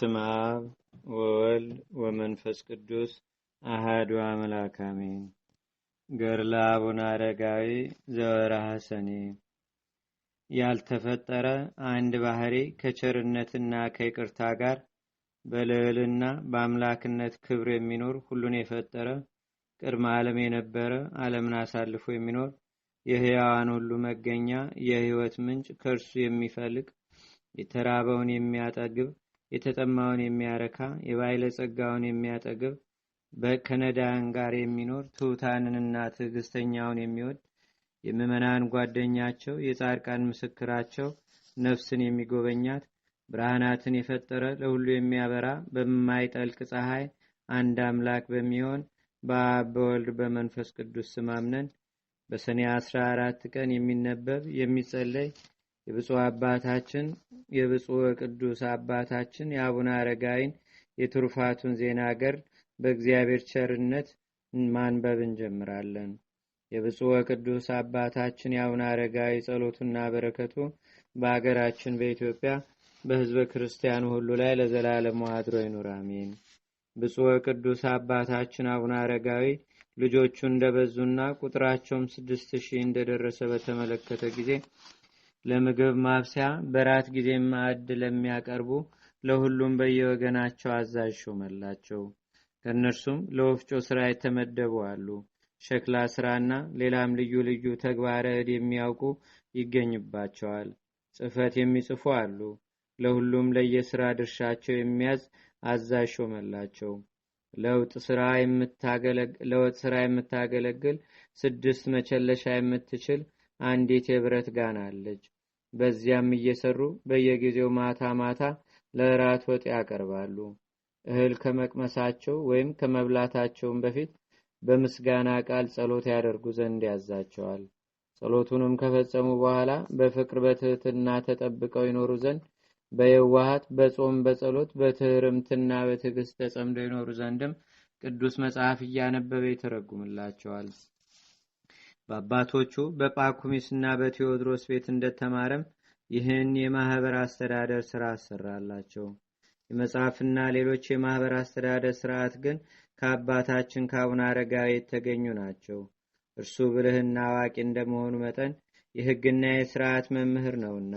በስመ አብ ወወልድ ወመንፈስ ቅዱስ አህዱ አምላክ አሜን። ገርላ አቡነ አረጋዊ ዘወርሃ ሰኔ ያልተፈጠረ አንድ ባህሪ ከቸርነትና ከይቅርታ ጋር በልዕልና በአምላክነት ክብር የሚኖር ሁሉን የፈጠረ ቅድመ ዓለም የነበረ ዓለምን አሳልፎ የሚኖር የህያዋን ሁሉ መገኛ የህይወት ምንጭ ከእርሱ የሚፈልቅ የተራበውን የሚያጠግብ የተጠማውን የሚያረካ ጸጋውን የሚያጠግብ ከነዳያን ጋር የሚኖር ትሑታንንና ትዕግስተኛውን የሚወድ የምመናን ጓደኛቸው የጻድቃን ምስክራቸው ነፍስን የሚጎበኛት ብርሃናትን የፈጠረ ለሁሉ የሚያበራ በማይጠልቅ ፀሐይ አንድ አምላክ በሚሆን በአብ በወልድ በመንፈስ ቅዱስ ስም አምነን በሰኔ 14 ቀን የሚነበብ የሚጸለይ የብፁዕ አባታችን የብፁዕ ቅዱስ አባታችን የአቡነ አረጋይን የትሩፋቱን ዜና ገር በእግዚአብሔር ቸርነት ማንበብ እንጀምራለን። የብፁዕ ቅዱስ አባታችን የአቡነ አረጋዊ ጸሎቱና በረከቱ በአገራችን በኢትዮጵያ በህዝበ ክርስቲያኑ ሁሉ ላይ ለዘላለም አድሮ ይኑር፣ አሜን። ብፁዕ ቅዱስ አባታችን አቡነ አረጋዊ ልጆቹ እንደበዙና ቁጥራቸውም ስድስት ሺህ እንደደረሰ በተመለከተ ጊዜ ለምግብ ማብሰያ በራት ጊዜ ማዕድ ለሚያቀርቡ ለሁሉም በየወገናቸው አዛዥ ሾመላቸው። ከእነርሱም ለወፍጮ ሥራ የተመደቡ አሉ። ሸክላ ሥራና ሌላም ልዩ ልዩ ተግባረ እድ የሚያውቁ ይገኝባቸዋል። ጽህፈት የሚጽፉ አሉ። ለሁሉም ለየሥራ ድርሻቸው የሚያዝ አዛዥ ሾመላቸው። ለውጥ ሥራ የምታገለግል ስድስት መቸለሻ የምትችል አንዲት የብረት ጋን አለች። በዚያም እየሰሩ በየጊዜው ማታ ማታ ለእራት ወጥ ያቀርባሉ። እህል ከመቅመሳቸው ወይም ከመብላታቸውም በፊት በምስጋና ቃል ጸሎት ያደርጉ ዘንድ ያዛቸዋል። ጸሎቱንም ከፈጸሙ በኋላ በፍቅር በትህትና ተጠብቀው ይኖሩ ዘንድ በየዋሃት በጾም በጸሎት በትህርምትና በትዕግስት ተጸምደው ይኖሩ ዘንድም ቅዱስ መጽሐፍ እያነበበ ይተረጉምላቸዋል። በአባቶቹ በጳኩሚስና በቴዎድሮስ ቤት እንደተማረም ይህን የማህበር አስተዳደር ስራ አሰራላቸው። የመጽሐፍና ሌሎች የማህበር አስተዳደር ስርዓት ግን ከአባታችን ከአቡነ አረጋዊ የተገኙ ናቸው። እርሱ ብልህና አዋቂ እንደመሆኑ መጠን የሕግና የስርዓት መምህር ነውና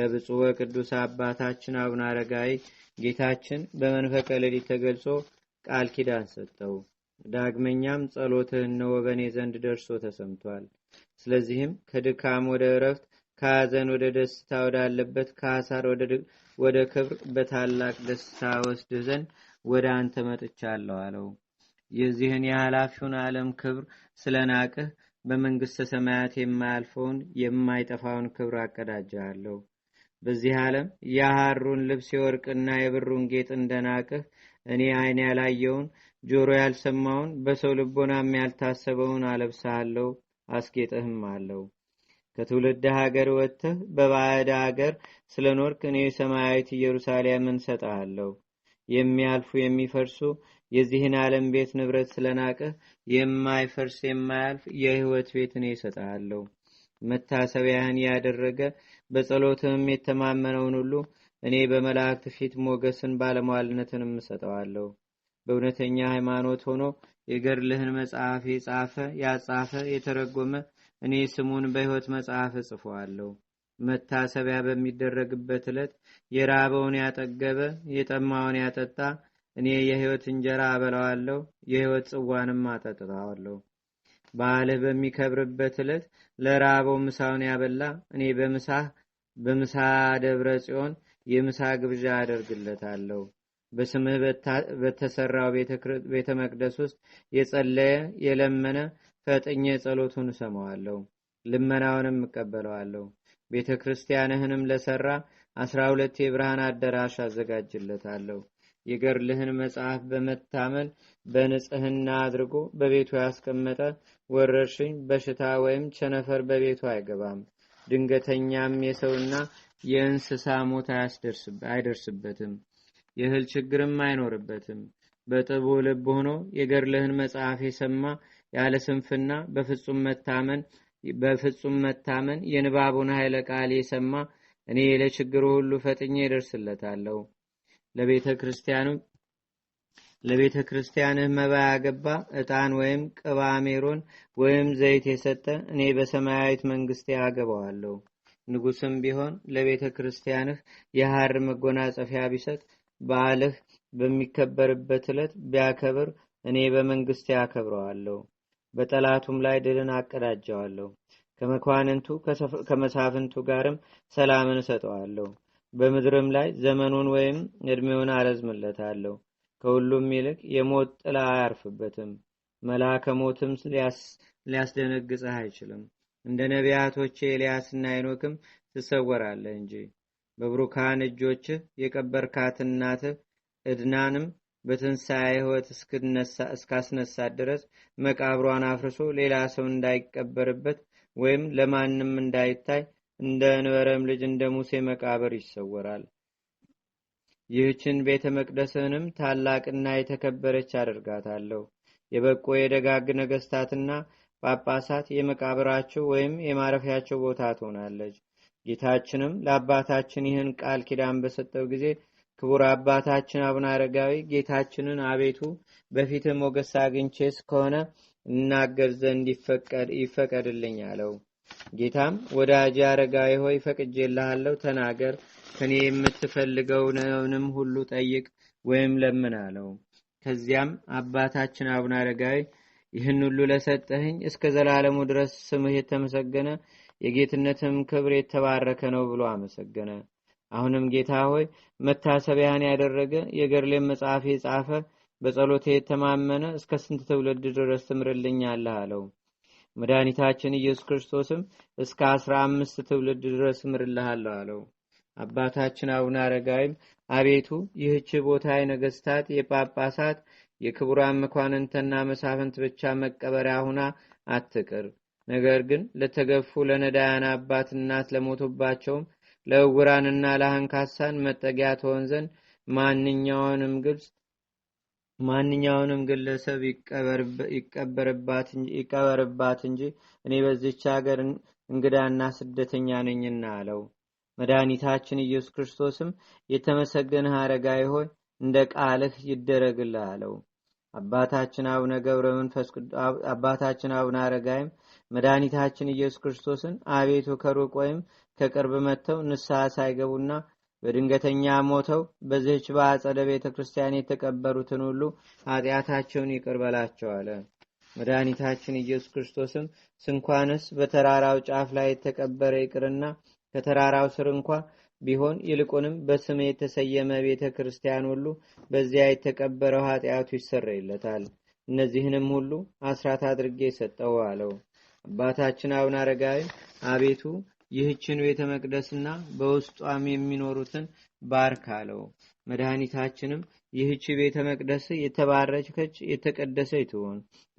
ለብፁዕ ወቅዱስ አባታችን አቡነ አረጋዊ ጌታችን በመንፈቀ ሌሊት ተገልጾ ቃል ኪዳን ሰጠው። ዳግመኛም ጸሎትህን ወበኔ ዘንድ ደርሶ ተሰምቷል። ስለዚህም ከድካም ወደ እረፍት፣ ከሐዘን ወደ ደስታ ወዳለበት፣ ከሐሳር ወደ ክብር በታላቅ ደስታ ወስድ ዘንድ ወደ አንተ መጥቻለሁ አለው። የዚህን የኃላፊውን ዓለም ክብር ስለናቅህ በመንግሥተ ሰማያት የማያልፈውን የማይጠፋውን ክብር አቀዳጃለሁ። በዚህ ዓለም የሐሩን ልብስ የወርቅና የብሩን ጌጥ እንደናቅህ እኔ አይን ያላየውን ጆሮ ያልሰማውን በሰው ልቦናም ያልታሰበውን አለብሳለሁ አስጌጥህም አለው። ከትውልድ ሀገር ወጥተህ በባዕድ ሀገር ስለ ኖርክ እኔ ሰማያዊት ኢየሩሳሌምን ሰጠሃለሁ። የሚያልፉ የሚፈርሱ የዚህን ዓለም ቤት ንብረት ስለናቅህ የማይፈርስ የማያልፍ የህይወት ቤት እኔ እሰጠሃለሁ። መታሰቢያህን ያደረገ በጸሎትህም የተማመነውን ሁሉ እኔ በመላእክት ፊት ሞገስን ባለሟልነትንም እሰጠዋለሁ። በእውነተኛ ሃይማኖት ሆኖ የገድልህን መጽሐፍ የጻፈ ያጻፈ የተረጎመ እኔ ስሙን በሕይወት መጽሐፍ እጽፈዋለሁ። መታሰቢያ በሚደረግበት ዕለት የራበውን ያጠገበ የጠማውን ያጠጣ እኔ የሕይወት እንጀራ አበላዋለሁ፣ የሕይወት ጽዋንም አጠጥተዋለሁ። በዓልህ በሚከብርበት ዕለት ለራበው ምሳውን ያበላ እኔ በምሳ በምሳ ደብረ ጽዮን የምሳ ግብዣ አደርግለታለሁ። በስምህ በተሰራው ቤተ መቅደስ ውስጥ የጸለየ የለመነ ፈጥኜ ጸሎቱን እሰማዋለሁ፣ ልመናውንም እቀበለዋለሁ። ቤተ ክርስቲያንህንም ለሠራ አስራ ሁለት የብርሃን አዳራሽ አዘጋጅለታለሁ። የገርልህን መጽሐፍ በመታመን በንጽህና አድርጎ በቤቱ ያስቀመጠ ወረርሽኝ፣ በሽታ ወይም ቸነፈር በቤቱ አይገባም። ድንገተኛም የሰውና የእንስሳ ሞት አይደርስበትም። የእህል ችግርም አይኖርበትም። በጥቡ ልብ ሆኖ የገድልህን መጽሐፍ የሰማ ያለ ስንፍና በፍጹም መታመን በፍጹም መታመን የንባቡን ኃይለ ቃል የሰማ እኔ ለችግሩ ሁሉ ፈጥኜ ይደርስለታለሁ። ለቤተ ክርስቲያኑ ለቤተ ክርስቲያንህ መባ ያገባ ዕጣን ወይም ቅባ ሜሮን ወይም ዘይት የሰጠ እኔ በሰማያዊት መንግስቴ አገባዋለሁ። ንጉስም ቢሆን ለቤተ ክርስቲያንህ የሐር መጎናጸፊያ ቢሰጥ በዓልህ በሚከበርበት ዕለት ቢያከብር እኔ በመንግሥቴ አከብረዋለሁ፣ በጠላቱም ላይ ድልን አቀዳጀዋለሁ። ከመኳንንቱ ከመሳፍንቱ ጋርም ሰላምን እሰጠዋለሁ። በምድርም ላይ ዘመኑን ወይም ዕድሜውን አረዝምለታለሁ። ከሁሉም ይልቅ የሞት ጥላ አያርፍበትም። መልአከ ሞትም ሊያስደነግጽህ አይችልም። እንደ ነቢያቶቼ ኤልያስና አይኖክም ትሰወራለህ እንጂ በብሩካን እጆችህ የቀበርካት እናትህ እድናንም በትንሣኤ ሕይወት እስካስነሳት ድረስ መቃብሯን አፍርሶ ሌላ ሰው እንዳይቀበርበት ወይም ለማንም እንዳይታይ እንደ እንበረም ልጅ እንደ ሙሴ መቃብር ይሰወራል። ይህችን ቤተ መቅደስህንም ታላቅና የተከበረች አደርጋታለሁ። የበቆ የደጋግ ነገስታትና ጳጳሳት የመቃብራቸው ወይም የማረፊያቸው ቦታ ትሆናለች። ጌታችንም ለአባታችን ይህን ቃል ኪዳን በሰጠው ጊዜ ክቡር አባታችን አቡነ አረጋዊ ጌታችንን አቤቱ በፊት ሞገስ አግኝቼ ከሆነ እናገር ዘንድ ይፈቀድልኝ አለው። ጌታም ወዳጅ አረጋዊ ሆይ ፈቅጄልሃለሁ፣ ተናገር፣ ከኔ የምትፈልገውንም ሁሉ ጠይቅ ወይም ለምን አለው። ከዚያም አባታችን አቡነ አረጋዊ ይህን ሁሉ ለሰጠህኝ እስከ ዘላለሙ ድረስ ስምህ የተመሰገነ የጌትነትም ክብር የተባረከ ነው ብሎ አመሰገነ። አሁንም ጌታ ሆይ መታሰቢያን ያደረገ የገርሌም መጽሐፍ የጻፈ በጸሎቴ የተማመነ እስከ ስንት ትውልድ ድረስ ትምርልኛለህ አለው። መድኃኒታችን ኢየሱስ ክርስቶስም እስከ አስራ አምስት ትውልድ ድረስ እምርልሃለሁ አለው። አባታችን አቡነ አረጋዊም አቤቱ ይህች ቦታ የነገስታት፣ የጳጳሳት፣ የክቡራን መኳንንትና መሳፍንት ብቻ መቀበሪያ ሁና አትቅር ነገር ግን ለተገፉ ለነዳያን አባት እናት ለሞቱባቸውም ለእውራንና ለአንካሳን መጠጊያ ትሆን ዘንድ ማንኛውንም ግብፅ ማንኛውንም ግለሰብ ይቀበርባት እንጂ እኔ በዚች ሀገር እንግዳና ስደተኛ ነኝና አለው መድኃኒታችን ኢየሱስ ክርስቶስም የተመሰገንህ አረጋዊ ሆይ እንደ ቃልህ ይደረግልህ አለው አባታችን አቡነ ገብረ መንፈስ አባታችን አቡነ አረጋይም መድኃኒታችን ኢየሱስ ክርስቶስን አቤቱ ከሩቅ ወይም ከቅርብ መጥተው ንስሐ ሳይገቡና በድንገተኛ ሞተው በዚህች በአጸደ ቤተ ክርስቲያን የተቀበሩትን ሁሉ ኃጢአታቸውን ይቅር በላቸው አለ። መድኃኒታችን ኢየሱስ ክርስቶስም ስንኳንስ በተራራው ጫፍ ላይ የተቀበረ ይቅርና ከተራራው ስር እንኳ ቢሆን ይልቁንም በስም የተሰየመ ቤተ ክርስቲያን ሁሉ በዚያ የተቀበረው ኃጢአቱ ይሰረይለታል። እነዚህንም ሁሉ አስራት አድርጌ ሰጠው አለው። አባታችን አቡነ አረጋዊ አቤቱ ይህችን ቤተ መቅደስና በውስጧም የሚኖሩትን ባርክ አለው። መድኃኒታችንም ይህች ቤተ መቅደስ የተባረከች የተቀደሰች ትሆን፣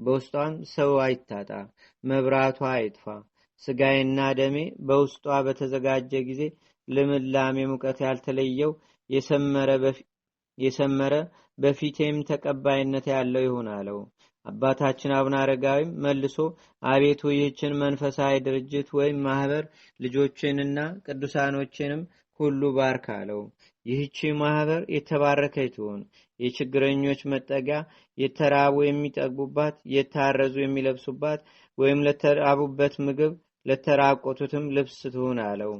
በውስጧም ሰው አይታጣ፣ መብራቷ አይጥፋ። ስጋዬና ደሜ በውስጧ በተዘጋጀ ጊዜ ልምላሜ ሙቀት ያልተለየው የሰመረ በፊቴም ተቀባይነት ያለው ይሆን አለው። አባታችን አቡነ አረጋዊም መልሶ አቤቱ ይህችን መንፈሳዊ ድርጅት ወይም ማህበር ልጆችንና ቅዱሳኖችንም ሁሉ ባርክ አለው። ይህቺ ማህበር የተባረከ ትሆን፣ የችግረኞች መጠጊያ፣ የተራቡ የሚጠግቡባት፣ የታረዙ የሚለብሱባት፣ ወይም ለተራቡበት ምግብ ለተራቆቱትም ልብስ ትሆን አለው።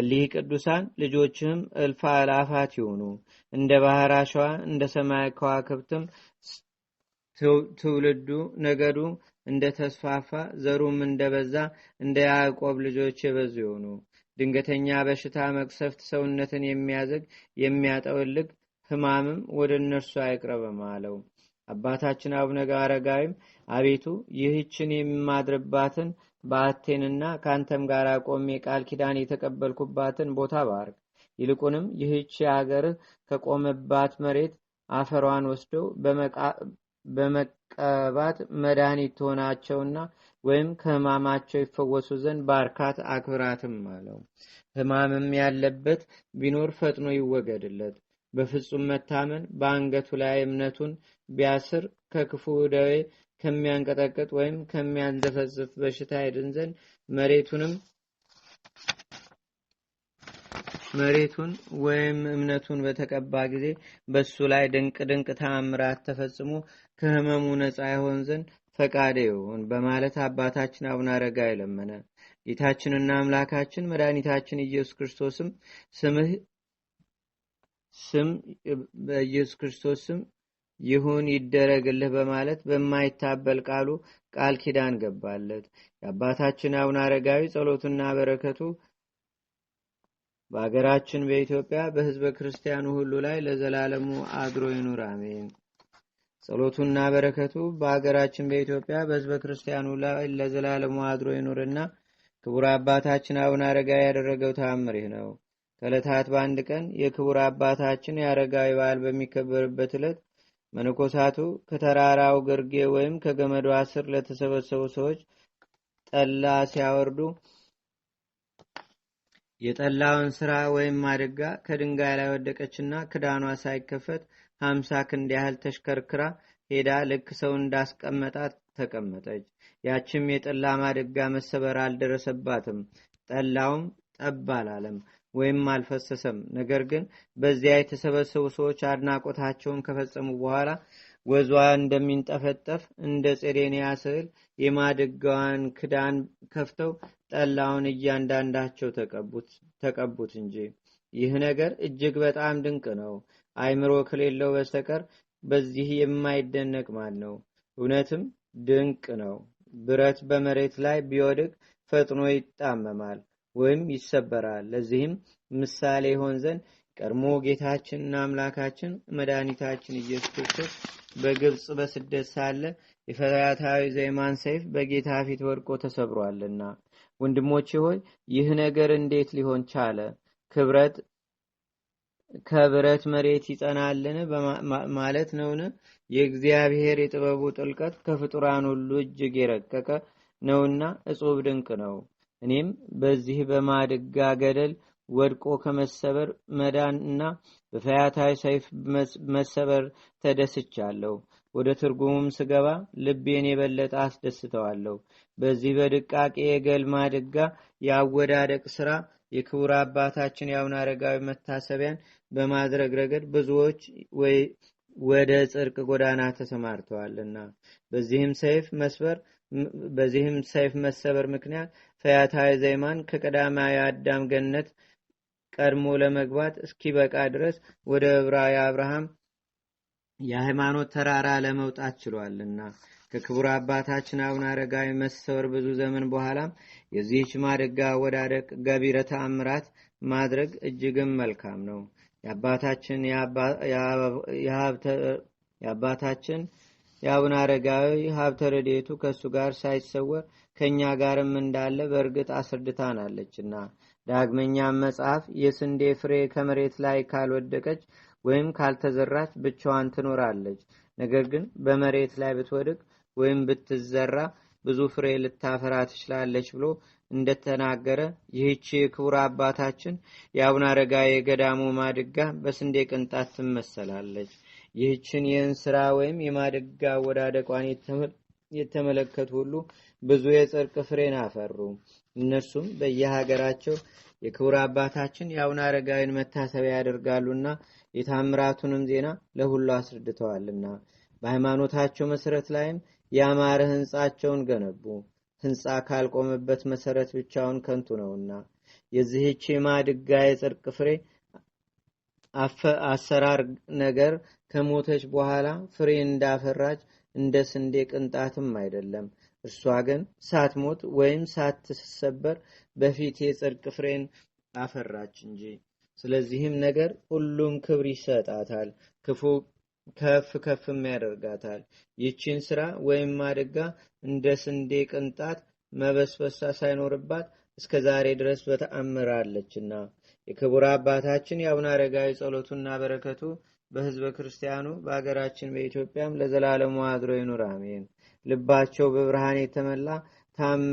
እሊህ ቅዱሳን ልጆችህም እልፍ አላፋት ይሆኑ፣ እንደ ባህር አሸዋ እንደ ሰማይ ከዋክብትም ትውልዱ ነገዱ እንደተስፋፋ ዘሩም እንደበዛ እንደ ያዕቆብ ልጆች የበዙ የሆኑ ድንገተኛ በሽታ መቅሰፍት ሰውነትን የሚያዘግ የሚያጠወልግ ህማምም ወደ እነርሱ አይቅረብም አለው አባታችን አቡነ አረጋዊም አቤቱ ይህችን የማድርባትን በአቴንና ከአንተም ጋር ቆም ቃል ኪዳን የተቀበልኩባትን ቦታ ባርክ ይልቁንም ይህች አገር ከቆመባት መሬት አፈሯን ወስደው በመቀባት መድኃኒት ሆናቸውና ወይም ከህማማቸው ይፈወሱ ዘንድ ባርካት አክብራትም አለው። ህማምም ያለበት ቢኖር ፈጥኖ ይወገድለት። በፍጹም መታመን በአንገቱ ላይ እምነቱን ቢያስር ከክፉ ደዌ ከሚያንቀጠቅጥ ወይም ከሚያንዘፈዝፍ በሽታ ይድን ዘንድ መሬቱንም መሬቱን ወይም እምነቱን በተቀባ ጊዜ በእሱ ላይ ድንቅ ድንቅ ተአምራት ተፈጽሞ ከህመሙ ነፃ ይሆን ዘንድ ፈቃደ ይሁን በማለት አባታችን አቡነ አረጋ ለመነ። ጌታችንና አምላካችን መድኃኒታችን ኢየሱስ ክርስቶስም ስምህ ስም በኢየሱስ ክርስቶስ ስም ይሁን ይደረግልህ በማለት በማይታበል ቃሉ ቃል ኪዳን ገባለት። የአባታችን አቡነ አረጋዊ ጸሎቱና በረከቱ በአገራችን በኢትዮጵያ በህዝበ ክርስቲያኑ ሁሉ ላይ ለዘላለሙ አድሮ ይኑር፣ አሜን። ጸሎቱና በረከቱ በአገራችን በኢትዮጵያ በህዝበ ክርስቲያኑ ላይ ለዘላለሙ አድሮ ይኑርና ክቡር አባታችን አቡነ አረጋ ያደረገው ተአምር ይህ ነው። ከዕለታት በአንድ ቀን የክቡር አባታችን የአረጋዊ በዓል በሚከበርበት ዕለት መነኮሳቱ ከተራራው ግርጌ ወይም ከገመዱ ስር ለተሰበሰቡ ሰዎች ጠላ ሲያወርዱ የጠላውን ስራ ወይም ማድጋ ከድንጋይ ላይ ወደቀችና ክዳኗ ሳይከፈት ሀምሳ ክንድ ያህል ተሽከርክራ ሄዳ ልክ ሰው እንዳስቀመጣት ተቀመጠች። ያችም የጠላ ማድጋ መሰበር አልደረሰባትም። ጠላውም ጠብ አላለም ወይም አልፈሰሰም። ነገር ግን በዚያ የተሰበሰቡ ሰዎች አድናቆታቸውን ከፈጸሙ በኋላ ወዟ እንደሚንጠፈጠፍ እንደ ጼዴንያ ስዕል የማድጋዋን ክዳን ከፍተው ጠላውን እያንዳንዳቸው ተቀቡት እንጂ ይህ ነገር እጅግ በጣም ድንቅ ነው። አይምሮ ከሌለው በስተቀር በዚህ የማይደነቅ ማን ነው? እውነትም ድንቅ ነው። ብረት በመሬት ላይ ቢወድቅ ፈጥኖ ይጣመማል ወይም ይሰበራል። ለዚህም ምሳሌ የሆን ዘንድ ቀድሞ ጌታችንና አምላካችን መድኃኒታችን ኢየሱስ ክርስቶስ በግብፅ በስደት ሳለ የፈራታዊ ዘይማን ሰይፍ በጌታ ፊት ወድቆ ተሰብሯልና ወንድሞቼ ሆይ ይህ ነገር እንዴት ሊሆን ቻለ ክብረት ከብረት መሬት ይጸናልን ማለት ነውን የእግዚአብሔር የጥበቡ ጥልቀት ከፍጡራን ሁሉ እጅግ የረቀቀ ነውና እጹብ ድንቅ ነው እኔም በዚህ በማድጋ ገደል ወድቆ ከመሰበር መዳን እና በፈያታዊ ሰይፍ መሰበር ተደስቻለሁ ወደ ትርጉሙም ስገባ ልቤን የበለጠ አስደስተዋለሁ። በዚህ በድቃቄ የገልማ ድጋ የአወዳደቅ ስራ የክቡር አባታችን የአቡነ አረጋዊ መታሰቢያን በማድረግ ረገድ ብዙዎች ወደ ጽርቅ ጎዳና ተሰማርተዋልና በዚህም ሰይፍ መስበር በዚህም ሰይፍ መሰበር ምክንያት ፈያታዊ ዘይማን ከቀዳማዊ አዳም ገነት ቀድሞ ለመግባት እስኪበቃ ድረስ ወደ ዕብራዊ አብርሃም የሃይማኖት ተራራ ለመውጣት ችሏልና ከክቡር አባታችን አቡነ አረጋዊ መሰወር ብዙ ዘመን በኋላም የዚህች ማደጋ አወዳደቅ ገቢረ ተአምራት ማድረግ እጅግም መልካም ነው የአባታችን የአባታችን የአቡነ አረጋዊ ሀብተ ረዴቱ ከእሱ ጋር ሳይሰወር ከእኛ ጋርም እንዳለ በእርግጥ አስርድታናለችና ዳግመኛም መጽሐፍ የስንዴ ፍሬ ከመሬት ላይ ካልወደቀች ወይም ካልተዘራች ብቻዋን ትኖራለች። ነገር ግን በመሬት ላይ ብትወድቅ ወይም ብትዘራ ብዙ ፍሬ ልታፈራ ትችላለች ብሎ እንደተናገረ ይህች የክቡር አባታችን የአቡነ አረጋ የገዳሙ ማድጋ በስንዴ ቅንጣት ትመሰላለች። ይህችን የእንስራ ወይም የማድጋ አወዳደቋን የተመለከቱ ሁሉ ብዙ የጽርቅ ፍሬን አፈሩ። እነርሱም በየሀገራቸው የክቡር አባታችን የአቡነ አረጋዊን መታሰቢያ ያደርጋሉና የታምራቱንም ዜና ለሁሉ አስረድተዋልና በሃይማኖታቸው መሰረት ላይም ያማረ ህንፃቸውን ገነቡ። ህንፃ ካልቆመበት መሰረት ብቻውን ከንቱ ነውና የዚህች ማድጋ የጽርቅ ፍሬ አሰራር ነገር ከሞተች በኋላ ፍሬ እንዳፈራች እንደ ስንዴ ቅንጣትም አይደለም። እርሷ ግን ሳትሞት ወይም ሳትሰበር በፊት የጽድቅ ፍሬን አፈራች እንጂ። ስለዚህም ነገር ሁሉም ክብር ይሰጣታል፣ ክፉ ከፍ ከፍም ያደርጋታል። ይችን ስራ ወይም ማድጋ እንደ ስንዴ ቅንጣት መበስበሳ ሳይኖርባት እስከ ዛሬ ድረስ በተአምራለችና የክቡር አባታችን የአቡነ አረጋዊ ጸሎቱና በረከቱ በህዝበ ክርስቲያኑ በአገራችን በኢትዮጵያም ለዘላለሙ አድሮ ይኑር፣ አሜን። ልባቸው በብርሃን የተመላ ታመ